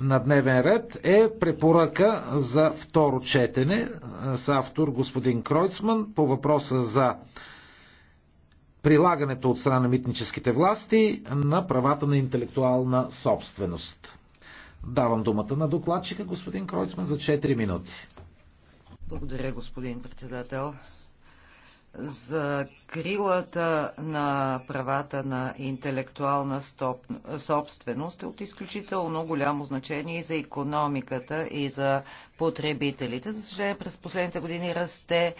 на дневен ред е препоръка за второ четене е, с автор господин Кройцман по въпроса за прилагането от страна на митническите власти на правата на интелектуална собственост. Давам думата на докладчика господин Кройцман за 4 минути. Благодаря, господин председател за крилата на правата на интелектуална стоп... собственост е от изключително голямо значение и за економиката, и за потребителите. За съжаление, през последните години расте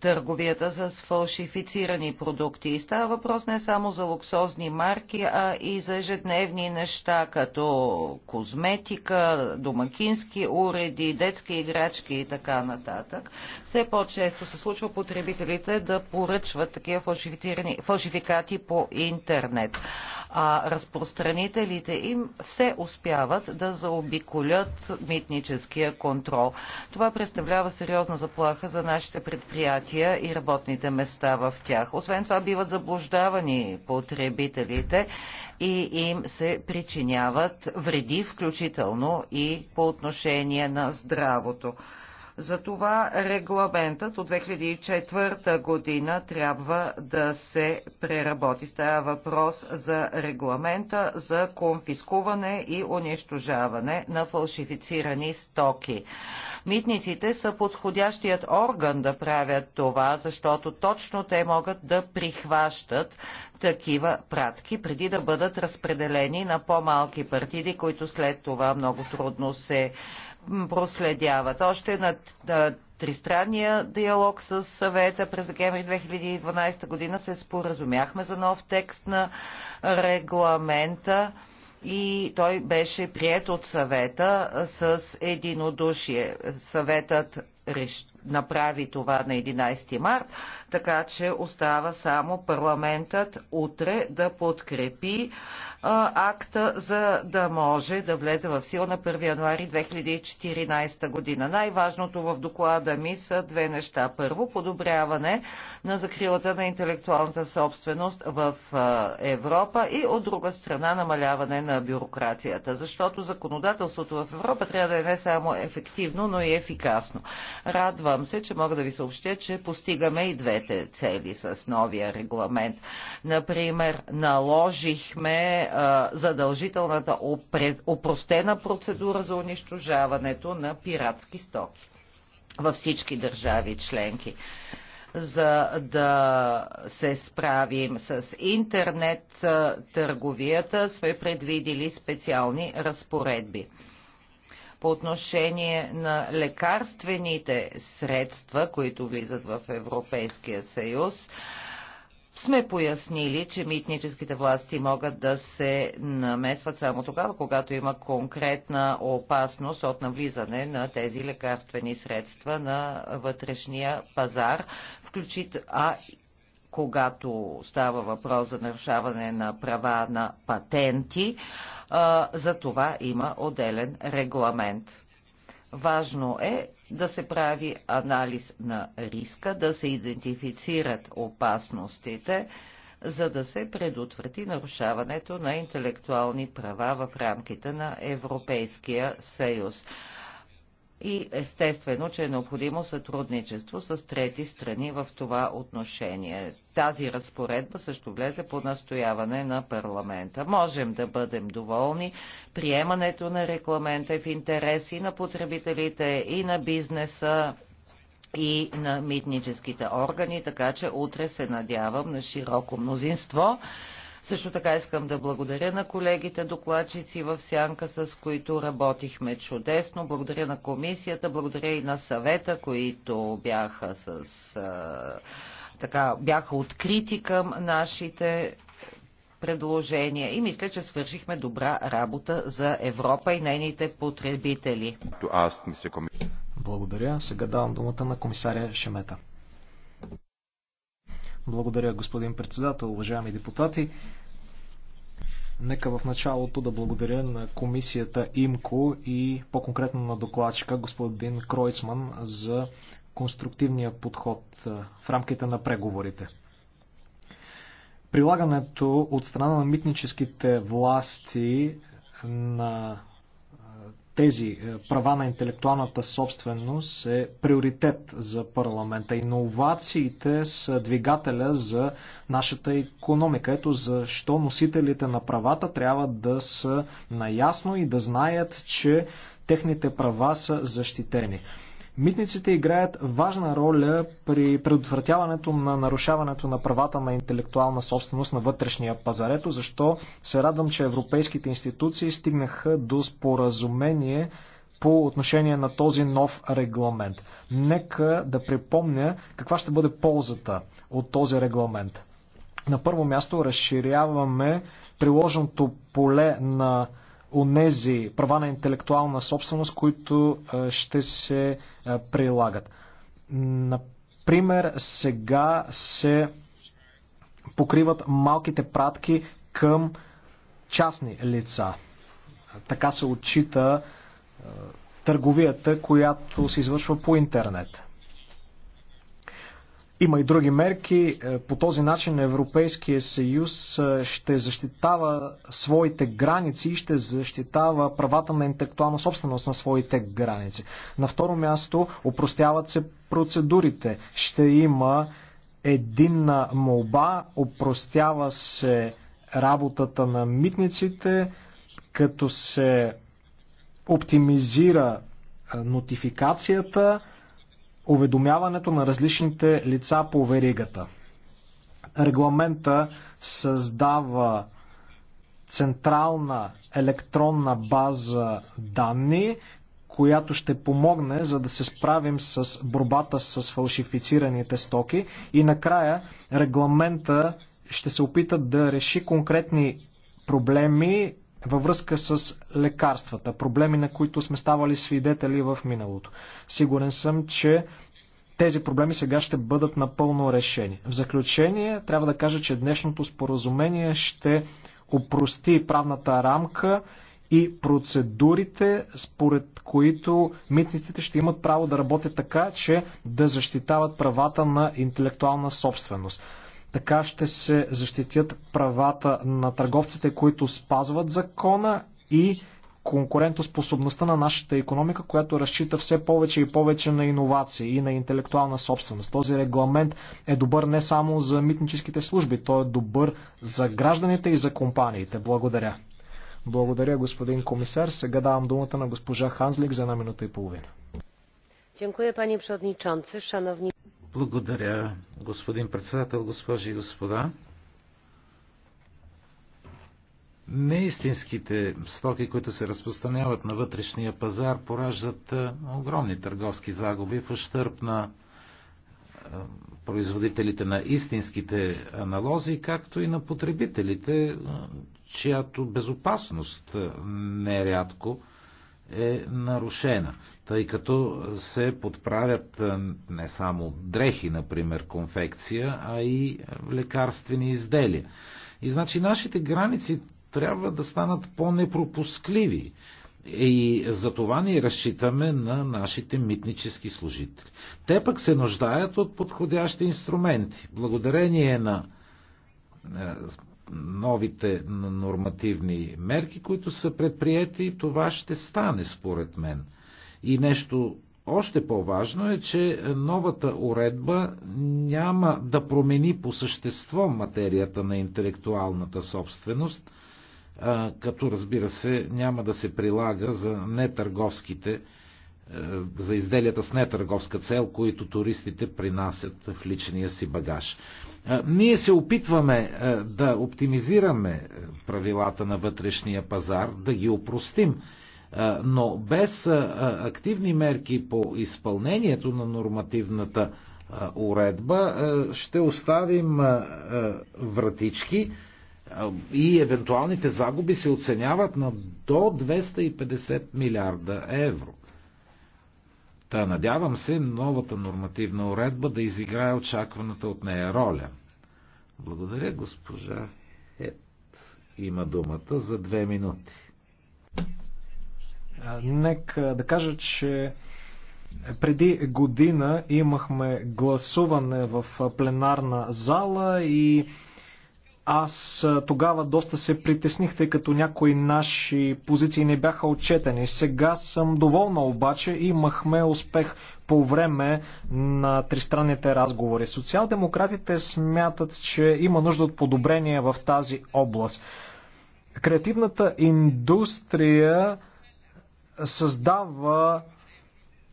търговията с фалшифицирани продукти. И става въпрос не само за луксозни марки, а и за ежедневни неща, като козметика, домакински уреди, детски играчки и така нататък. Все по-често се случва потребителите да поръчват такива фалшифицирани, фалшификати по интернет а разпространителите им все успяват да заобиколят митническия контрол. Това представлява сериозна заплаха за нашите предприятия и работните места в тях. Освен това биват заблуждавани потребителите и им се причиняват вреди, включително и по отношение на здравото. Затова регламентът от 2004 година трябва да се преработи. Става въпрос за регламента за конфискуване и унищожаване на фалшифицирани стоки. Митниците са подходящият орган да правят това, защото точно те могат да прихващат такива пратки, преди да бъдат разпределени на по-малки партиди, които след това много трудно се проследяват. Още на, на тристранния диалог с съвета през декември 2012 година се споразумяхме за нов текст на регламента и той беше прият от съвета с единодушие. Съветът реши направи това на 11 март, така че остава само парламентът утре да подкрепи а, акта, за да може да влезе в сила на 1 януари 2014 година. Най-важното в доклада ми са две неща. Първо, подобряване на закрилата на интелектуалната собственост в а, Европа и от друга страна намаляване на бюрокрацията, защото законодателството в Европа трябва да е не само ефективно, но и ефикасно. Радва Радвам се, че мога да ви съобщя, че постигаме и двете цели с новия регламент. Например, наложихме задължителната опростена процедура за унищожаването на пиратски стоки във всички държави членки за да се справим с интернет търговията, сме предвидили специални разпоредби по отношение на лекарствените средства, които влизат в Европейския съюз, сме пояснили, че митническите власти могат да се намесват само тогава, когато има конкретна опасност от навлизане на тези лекарствени средства на вътрешния пазар, включително а когато става въпрос за нарушаване на права на патенти. За това има отделен регламент. Важно е да се прави анализ на риска, да се идентифицират опасностите, за да се предотврати нарушаването на интелектуални права в рамките на Европейския съюз и естествено, че е необходимо сътрудничество с трети страни в това отношение. Тази разпоредба също влезе по настояване на парламента. Можем да бъдем доволни. Приемането на рекламента е в интерес и на потребителите, и на бизнеса, и на митническите органи, така че утре се надявам на широко мнозинство също така искам да благодаря на колегите докладчици в сянка, с които работихме чудесно. Благодаря на комисията, благодаря и на съвета, които бяха с така, бяха открити към нашите предложения и мисля, че свършихме добра работа за Европа и нейните потребители. Благодаря. Сега давам думата на комисаря Шемета. Благодаря, господин председател, уважаеми депутати. Нека в началото да благодаря на комисията ИМКО и по-конкретно на докладчика господин Кройцман за конструктивния подход в рамките на преговорите. Прилагането от страна на митническите власти на тези е, права на интелектуалната собственост е приоритет за парламента. Иновациите са двигателя за нашата економика. Ето защо носителите на правата трябва да са наясно и да знаят, че техните права са защитени. Митниците играят важна роля при предотвратяването на нарушаването на правата на интелектуална собственост на вътрешния пазар. Ето защо се радвам, че европейските институции стигнаха до споразумение по отношение на този нов регламент. Нека да припомня каква ще бъде ползата от този регламент. На първо място разширяваме приложеното поле на онези права на интелектуална собственост, които ще се прилагат. Например, сега се покриват малките пратки към частни лица. Така се отчита търговията, която се извършва по интернет. Има и други мерки. Е, по този начин Европейския съюз е, ще защитава своите граници и ще защитава правата на интелектуална собственост на своите граници. На второ място, упростяват се процедурите. Ще има единна молба, упростява се работата на митниците, като се оптимизира е, нотификацията, уведомяването на различните лица по веригата. Регламента създава централна електронна база данни, която ще помогне за да се справим с борбата с фалшифицираните стоки и накрая регламента ще се опита да реши конкретни проблеми във връзка с лекарствата, проблеми на които сме ставали свидетели в миналото. Сигурен съм, че тези проблеми сега ще бъдат напълно решени. В заключение трябва да кажа, че днешното споразумение ще опрости правната рамка и процедурите, според които митниците ще имат право да работят така, че да защитават правата на интелектуална собственост. Така ще се защитят правата на търговците, които спазват закона и конкурентоспособността на нашата економика, която разчита все повече и повече на иновации и на интелектуална собственост. Този регламент е добър не само за митническите служби, той е добър за гражданите и за компаниите. Благодаря. Благодаря, господин комисар. Сега давам думата на госпожа Ханзлик за една минута и половина. Дякую, пани благодаря, господин председател, госпожи и господа. Неистинските стоки, които се разпространяват на вътрешния пазар, пораждат огромни търговски загуби в ущърп на производителите на истинските аналози, както и на потребителите, чиято безопасност нерядко е нарушена тъй като се подправят е, не само дрехи, например, конфекция, а и лекарствени изделия. И значи нашите граници трябва да станат по-непропускливи. Е, и за това ние разчитаме на нашите митнически служители. Те пък се нуждаят от подходящи инструменти. Благодарение на е, новите нормативни мерки, които са предприяти, това ще стане, според мен. И нещо още по-важно е, че новата уредба няма да промени по същество материята на интелектуалната собственост, като разбира се няма да се прилага за нетърговските, е, за изделията с нетърговска цел, които туристите принасят в личния си багаж. Ние се опитваме е, да оптимизираме правилата на вътрешния пазар, да ги опростим но без активни мерки по изпълнението на нормативната уредба ще оставим вратички и евентуалните загуби се оценяват на до 250 милиарда евро. Та надявам се новата нормативна уредба да изиграе очакваната от нея роля. Благодаря, госпожа Хет. Има думата за две минути. Нека да кажа, че преди година имахме гласуване в пленарна зала и аз тогава доста се притесних, тъй като някои наши позиции не бяха отчетени. Сега съм доволна обаче, имахме успех по време на тристранните разговори. Социал-демократите смятат, че има нужда от подобрение в тази област. Креативната индустрия създава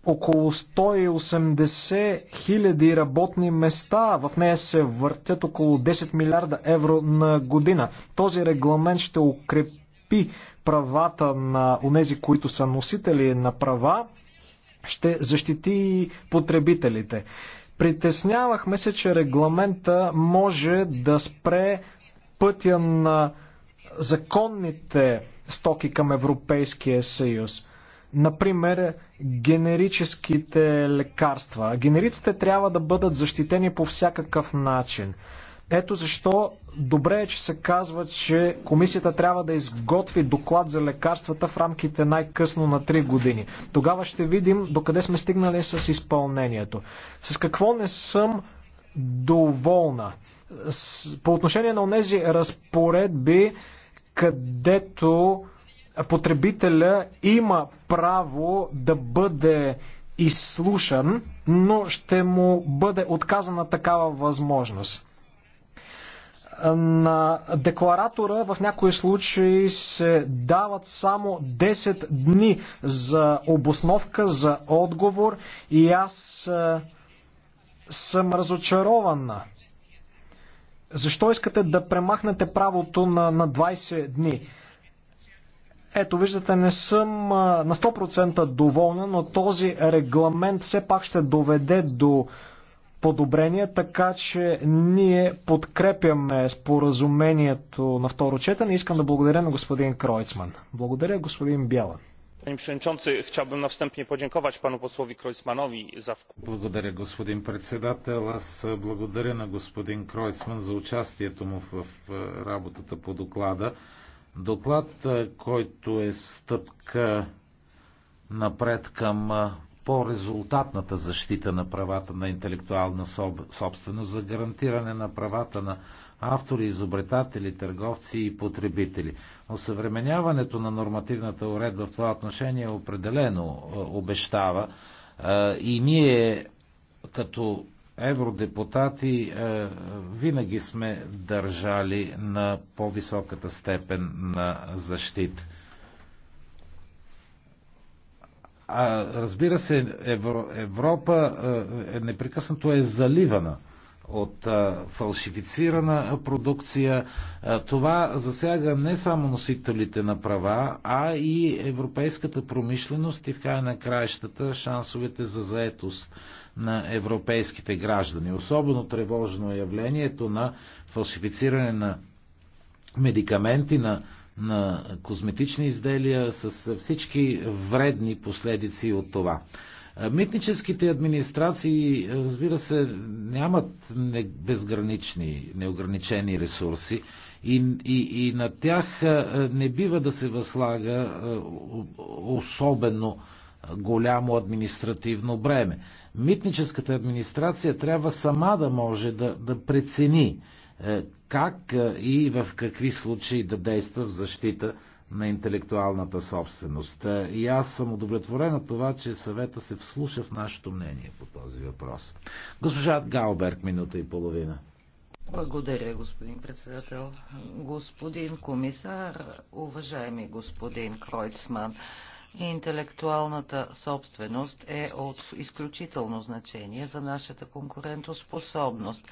около 180 хиляди работни места. В нея се въртят около 10 милиарда евро на година. Този регламент ще укрепи правата на онези, които са носители на права, ще защити и потребителите. Притеснявахме се, че регламента може да спре пътя на законните стоки към Европейския съюз. Например, генерическите лекарства. Генериците трябва да бъдат защитени по всякакъв начин. Ето защо добре е, че се казва, че комисията трябва да изготви доклад за лекарствата в рамките най-късно на 3 години. Тогава ще видим докъде сме стигнали с изпълнението. С какво не съм доволна? По отношение на тези разпоредби, където потребителя има право да бъде изслушан, но ще му бъде отказана такава възможност. На декларатора в някои случаи се дават само 10 дни за обосновка, за отговор и аз е, съм разочарована. Защо искате да премахнете правото на, на 20 дни? Ето, виждате, не съм на 100% доволна, но този регламент все пак ще доведе до подобрения, така че ние подкрепяме споразумението на второ четене. Искам да благодаря на господин Кройцман. Благодаря, господин Бяла. Благодаря, господин председател. Аз благодаря на господин Кройцман за участието му в работата по доклада. Доклад, който е стъпка напред към по-резултатната защита на правата на интелектуална собственост за гарантиране на правата на автори, изобретатели, търговци и потребители. Осъвременяването на нормативната уредба в това отношение е определено обещава и ние като евродепутати е, винаги сме държали на по-високата степен на защита. А, разбира се, Европа е, е, непрекъснато е заливана от фалшифицирана продукция. Това засяга не само носителите на права, а и европейската промишленост и в края на краищата шансовете за заетост на европейските граждани. Особено тревожно е явлението на фалшифициране на медикаменти, на на козметични изделия с всички вредни последици от това. Митническите администрации, разбира се, нямат безгранични, неограничени ресурси и, и, и на тях не бива да се възлага особено голямо административно бреме. Митническата администрация трябва сама да може да, да прецени е, как е, и в какви случаи да действа в защита на интелектуалната собственост. Е, и аз съм удовлетворен от това, че съвета се вслуша в нашето мнение по този въпрос. Госпожа Галберг, минута и половина. Благодаря, господин председател. Господин комисар, уважаеми господин Кройцман, Интелектуалната собственост е от изключително значение за нашата конкурентоспособност.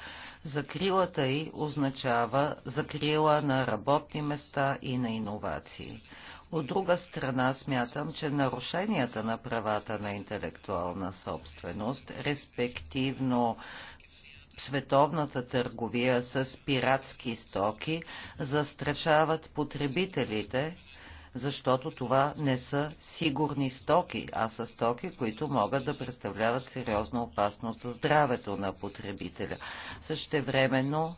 Закрилата й означава закрила на работни места и на иновации. От друга страна смятам, че нарушенията на правата на интелектуална собственост, респективно световната търговия с пиратски стоки, застрашават потребителите защото това не са сигурни стоки, а са стоки, които могат да представляват сериозна опасност за здравето на потребителя. Същевременно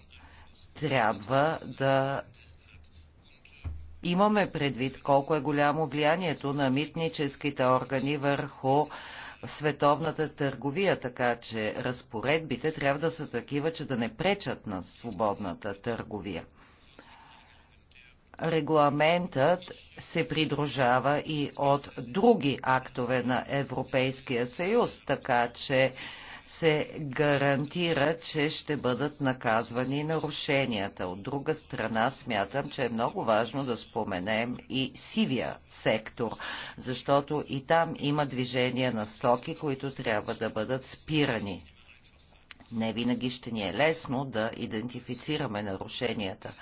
трябва да имаме предвид колко е голямо влиянието на митническите органи върху световната търговия, така че разпоредбите трябва да са такива, че да не пречат на свободната търговия регламентът се придружава и от други актове на Европейския съюз, така че се гарантира, че ще бъдат наказвани нарушенията. От друга страна, смятам, че е много важно да споменем и сивия сектор, защото и там има движение на стоки, които трябва да бъдат спирани. Не винаги ще ни е лесно да идентифицираме нарушенията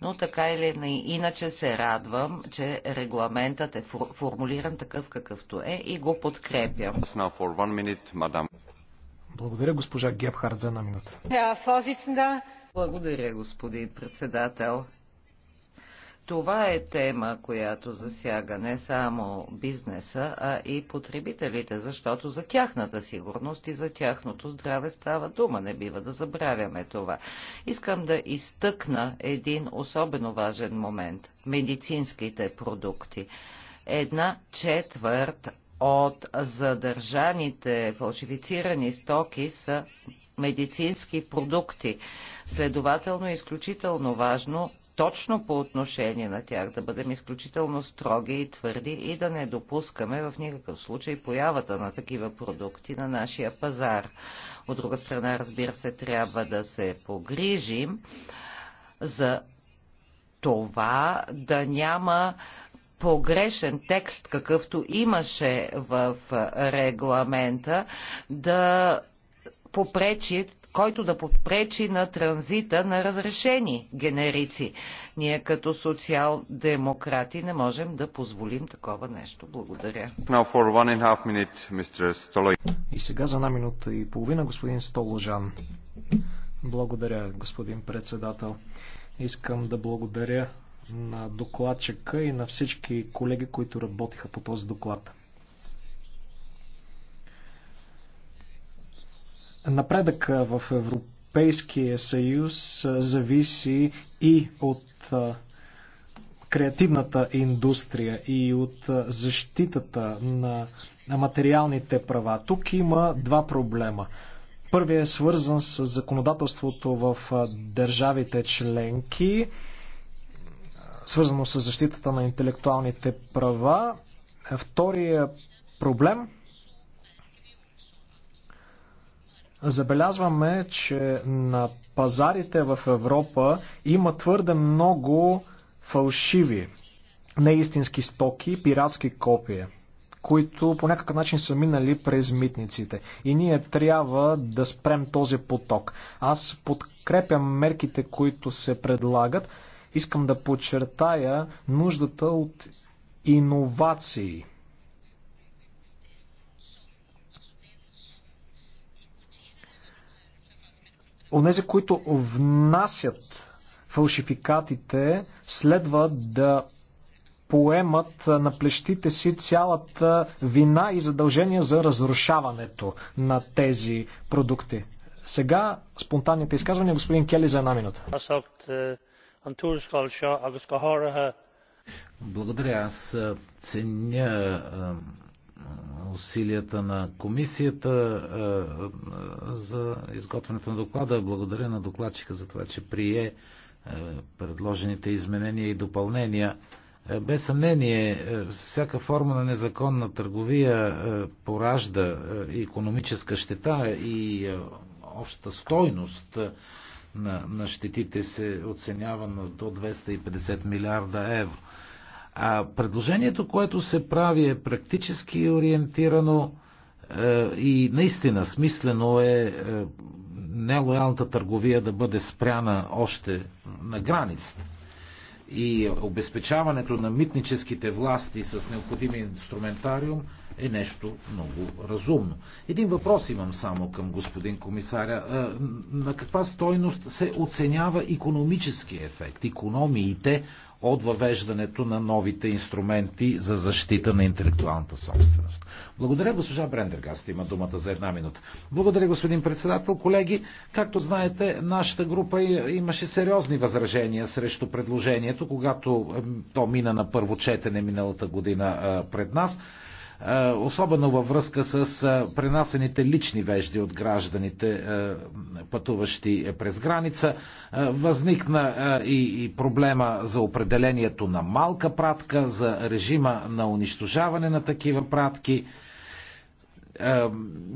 но така или иначе се радвам, че регламентът е фор- формулиран такъв какъвто е и го подкрепям. Благодаря госпожа Гебхард за една минута. Благодаря господин председател. Това е тема, която засяга не само бизнеса, а и потребителите, защото за тяхната сигурност и за тяхното здраве става дума. Не бива да забравяме това. Искам да изтъкна един особено важен момент – медицинските продукти. Една четвърт от задържаните фалшифицирани стоки са медицински продукти. Следователно е изключително важно точно по отношение на тях, да бъдем изключително строги и твърди и да не допускаме в никакъв случай появата на такива продукти на нашия пазар. От друга страна, разбира се, трябва да се погрижим за това да няма погрешен текст, какъвто имаше в регламента, да попречи който да подпречи на транзита на разрешени генерици. Ние като социал-демократи не можем да позволим такова нещо. Благодаря. И сега за една минута и половина господин Столожан. Благодаря, господин председател. Искам да благодаря на докладчика и на всички колеги, които работиха по този доклад. Напредък в Европейския съюз зависи и от креативната индустрия и от защитата на материалните права. Тук има два проблема. Първият е свързан с законодателството в държавите членки, свързано с защитата на интелектуалните права. Втория проблем Забелязваме, че на пазарите в Европа има твърде много фалшиви, неистински стоки, пиратски копия, които по някакъв начин са минали през митниците. И ние трябва да спрем този поток. Аз подкрепям мерките, които се предлагат. Искам да подчертая нуждата от иновации – онези, които внасят фалшификатите, следва да поемат на плещите си цялата вина и задължение за разрушаването на тези продукти. Сега спонтанните изказвания господин Кели за една минута. Благодаря. Аз ценя усилията на комисията за изготвянето на доклада. Благодаря на докладчика за това, че прие предложените изменения и допълнения. Е, без съмнение, е, всяка форма на незаконна търговия е, поражда економическа щета и общата стойност на, на щетите се оценява на до 250 милиарда евро. А предложението, което се прави е практически ориентирано е, и наистина смислено е, е нелоялната търговия да бъде спряна още на границата. И обезпечаването на митническите власти с необходимия инструментариум – е нещо много разумно. Един въпрос имам само към господин комисаря. Е, на каква стойност се оценява економически ефект, економиите от въвеждането на новите инструменти за защита на интелектуалната собственост. Благодаря, госпожа Брендергаст. Има думата за една минута. Благодаря, господин председател. Колеги, както знаете, нашата група имаше сериозни възражения срещу предложението, когато то мина на първо четене миналата година е, пред нас. Е, особено във връзка с е, пренасените лични вежди от гражданите, е, пътуващи през граница. Възникна и проблема за определението на малка пратка, за режима на унищожаване на такива пратки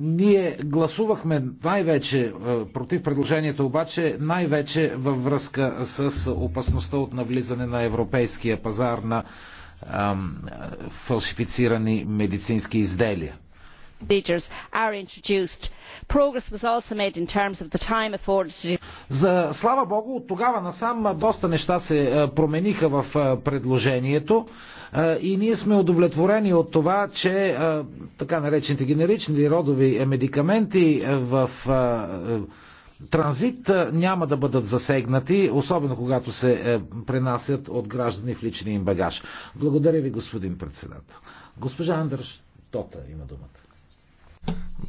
ние гласувахме най-вече против предложението, обаче най-вече във връзка с опасността от навлизане на европейския пазар на фалшифицирани медицински изделия За слава Богу, от тогава насам доста неща се промениха в предложението и ние сме удовлетворени от това, че така наречените генерични родови медикаменти в транзит няма да бъдат засегнати, особено когато се е, пренасят от граждани в личния им багаж. Благодаря ви, господин председател. Госпожа Андърш Тота има думата.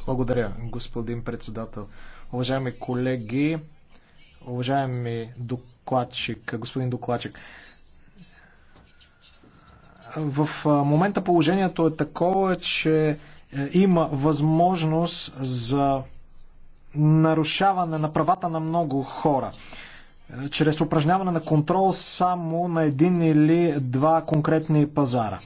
Благодаря, господин председател. Уважаеми колеги, уважаеми докладчик, господин докладчик, в момента положението е такова, че е, има възможност за нарушаване на правата на много хора е, чрез упражняване на контрол само на един или два конкретни пазара.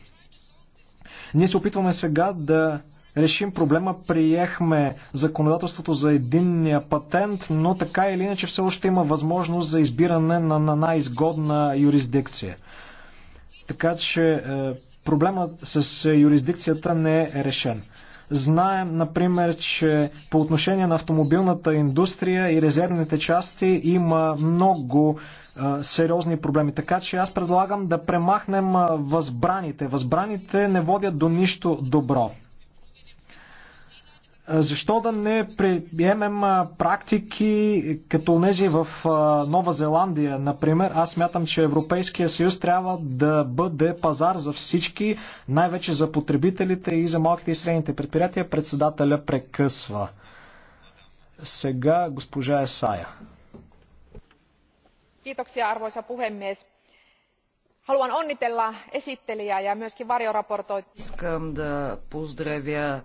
Ние се опитваме сега да решим проблема. Приехме законодателството за единния патент, но така или иначе все още има възможност за избиране на, на най-изгодна юрисдикция. Така че е, проблемът с юрисдикцията не е решен. Знаем, например, че по отношение на автомобилната индустрия и резервните части има много сериозни проблеми. Така че аз предлагам да премахнем възбраните. Възбраните не водят до нищо добро. Защо да не приемем практики като тези в Нова Зеландия? Например, аз мятам, че Европейския съюз трябва да бъде пазар за всички, най-вече за потребителите и за малките и средните предприятия. Председателя прекъсва. Сега госпожа Есая. Kiitoksia, arvoisa puhemies. Haluan onnitella esittelijää ja myöskin varjoraportoijaa. Искам да поздравя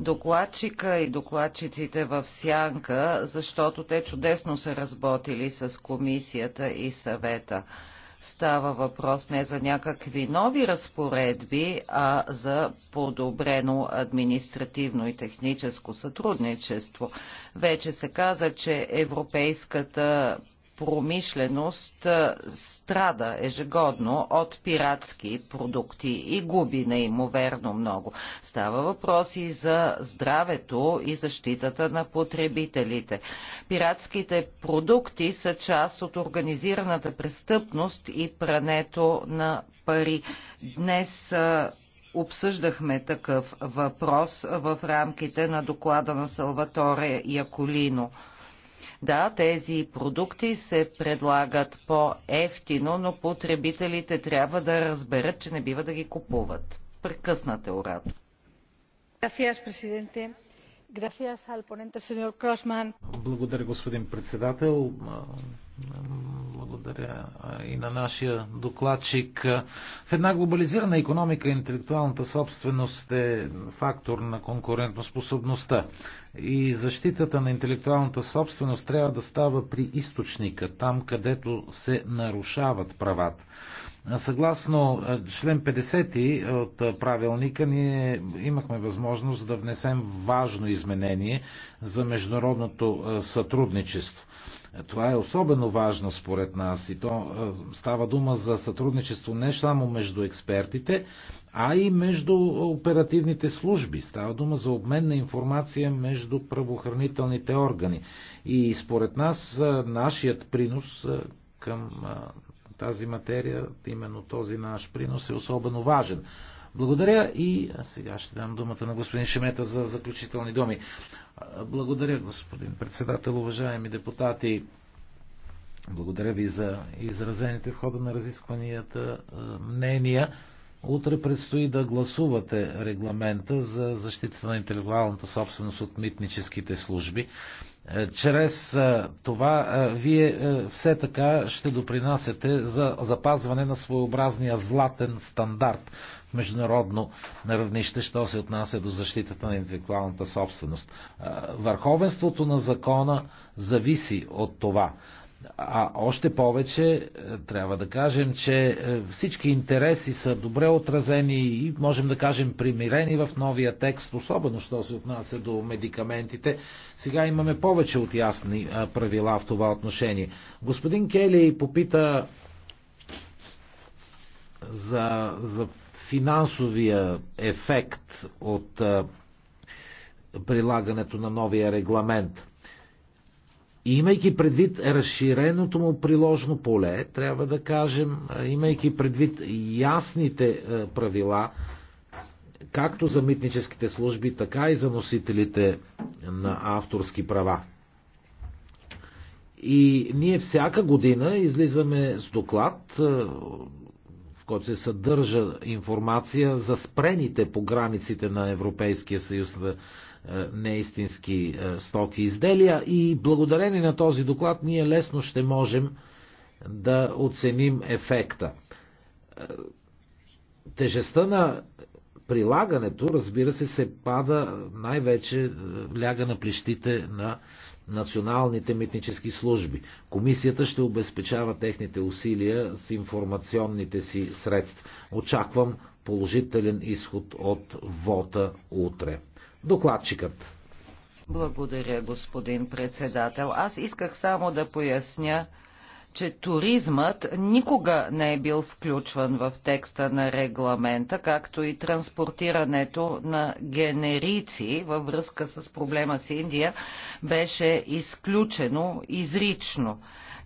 докладчика и докладчиците в сянка, защото те чудесно са разботили с комисията и съвета. Става въпрос не за някакви нови разпоредби, а за подобрено административно и техническо сътрудничество. Вече се каза, че Европейската промишленост страда ежегодно от пиратски продукти и губи неимоверно много. Става въпрос и за здравето и защитата на потребителите. Пиратските продукти са част от организираната престъпност и прането на пари. Днес обсъждахме такъв въпрос в рамките на доклада на Салваторе Яколино. Да, тези продукти се предлагат по-ефтино, но потребителите трябва да разберат, че не бива да ги купуват. Прекъснате Орато. Gracias, presidente. Благодаря, господин председател. Благодаря и на нашия докладчик. В една глобализирана економика интелектуалната собственост е фактор на конкурентоспособността. И защитата на интелектуалната собственост трябва да става при източника, там където се нарушават правата. Съгласно член 50 от правилника ние имахме възможност да внесем важно изменение за международното сътрудничество. Това е особено важно според нас и то става дума за сътрудничество не само между експертите, а и между оперативните служби. Става дума за обмен на информация между правоохранителните органи. И според нас нашият принос към тази материя, именно този наш принос е особено важен. Благодаря и а сега ще дам думата на господин Шемета за заключителни думи. Благодаря, господин председател, уважаеми депутати. Благодаря ви за изразените в хода на разискванията мнения. Утре предстои да гласувате регламента за защита на интелектуалната собственост от митническите служби. Е, чрез е, това е, вие все така ще допринасяте за запазване на своеобразния златен стандарт в международно равнище, що се отнася до защитата на интелектуалната собственост. Върховенството на закона зависи от това. А още повече е, трябва да кажем, че е, всички интереси са добре отразени и можем да кажем примирени в новия текст, особено що се отнася до медикаментите. Сега имаме повече от ясни е, правила в това отношение. Господин Кели попита за, за финансовия ефект от прилагането на новия регламент – Имайки предвид разширеното му приложно поле, трябва да кажем, имайки предвид ясните правила, както за митническите служби, така и за носителите на авторски права. И ние всяка година излизаме с доклад, в който се съдържа информация за спрените по границите на Европейския съюз е, неистински е, стоки изделия и благодарение на този доклад ние лесно ще можем да оценим ефекта. Е, тежестта на прилагането, разбира се, се пада най-вече ляга на плещите на националните митнически служби. Комисията ще обезпечава техните усилия с информационните си средства. Очаквам положителен изход от вота утре докладчикът. Благодаря, господин председател. Аз исках само да поясня, че туризмът никога не е бил включван в текста на регламента, както и транспортирането на генерици във връзка с проблема с Индия беше изключено изрично.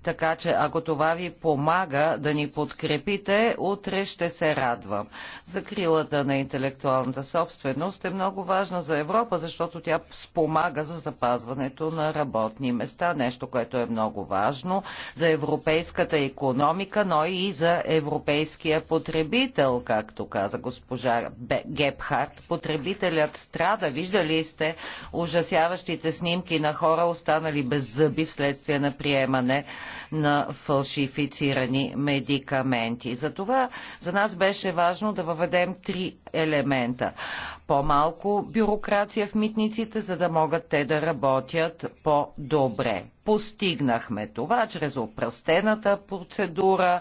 Така че ако това ви помага да ни подкрепите, утре ще се радвам. Закрилата на интелектуалната собственост е много важна за Европа, защото тя спомага за запазването на работни места, нещо, което е много важно за европейската економика, но и за европейския потребител, както каза госпожа Гепхарт. Потребителят страда. Виждали сте ужасяващите снимки на хора, останали без зъби вследствие на приемане на фалшифицирани медикаменти. Затова за нас беше важно да въведем три елемента. По-малко бюрокрация в митниците, за да могат те да работят по-добре. Постигнахме това чрез опростената процедура,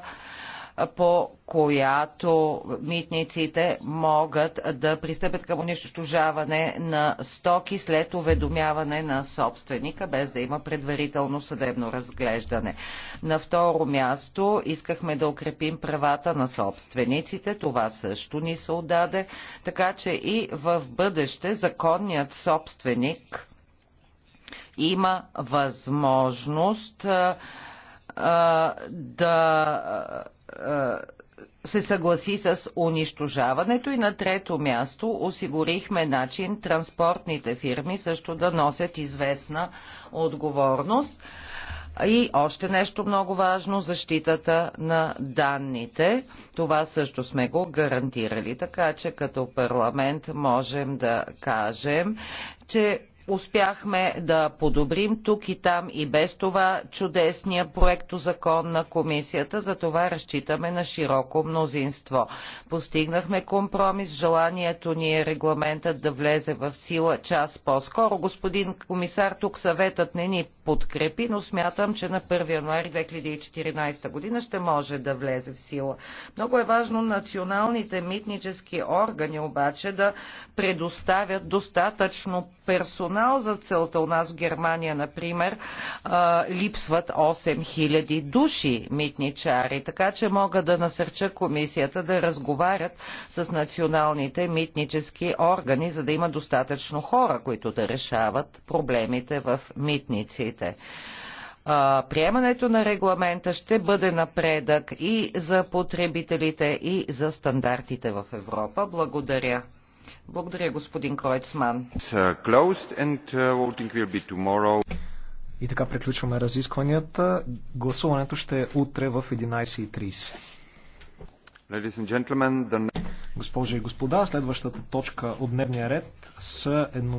по която митниците могат да пристъпят към унищожаване на стоки след уведомяване на собственика, без да има предварително съдебно разглеждане. На второ място искахме да укрепим правата на собствениците. Това също ни се отдаде, така че и в бъдеще законният собственик има възможност а, да е, се съгласи с унищожаването и на трето място осигурихме начин транспортните фирми също да носят известна отговорност. И още нещо много важно защитата на данните. Това също сме го гарантирали. Така че като парламент можем да кажем, че успяхме да подобрим тук и там и без това чудесния проектозакон на комисията, за това разчитаме на широко мнозинство. Постигнахме компромис, желанието ни е регламентът да влезе в сила час по-скоро. Господин комисар, тук съветът не ни подкрепи, но смятам, че на 1 януари 2014 година ще може да влезе в сила. Много е важно националните митнически органи обаче да предоставят достатъчно персонал персонал за целта. У нас в Германия, например, липсват 8000 души митничари, така че мога да насърча комисията да разговарят с националните митнически органи, за да има достатъчно хора, които да решават проблемите в митниците приемането на регламента ще бъде напредък и за потребителите, и за стандартите в Европа. Благодаря. Благодаря, господин Кройцман. Uh, uh, и така приключваме разискванията. Гласуването ще е утре в 11.30. Госпожи и господа, следващата точка от дневния ред са едно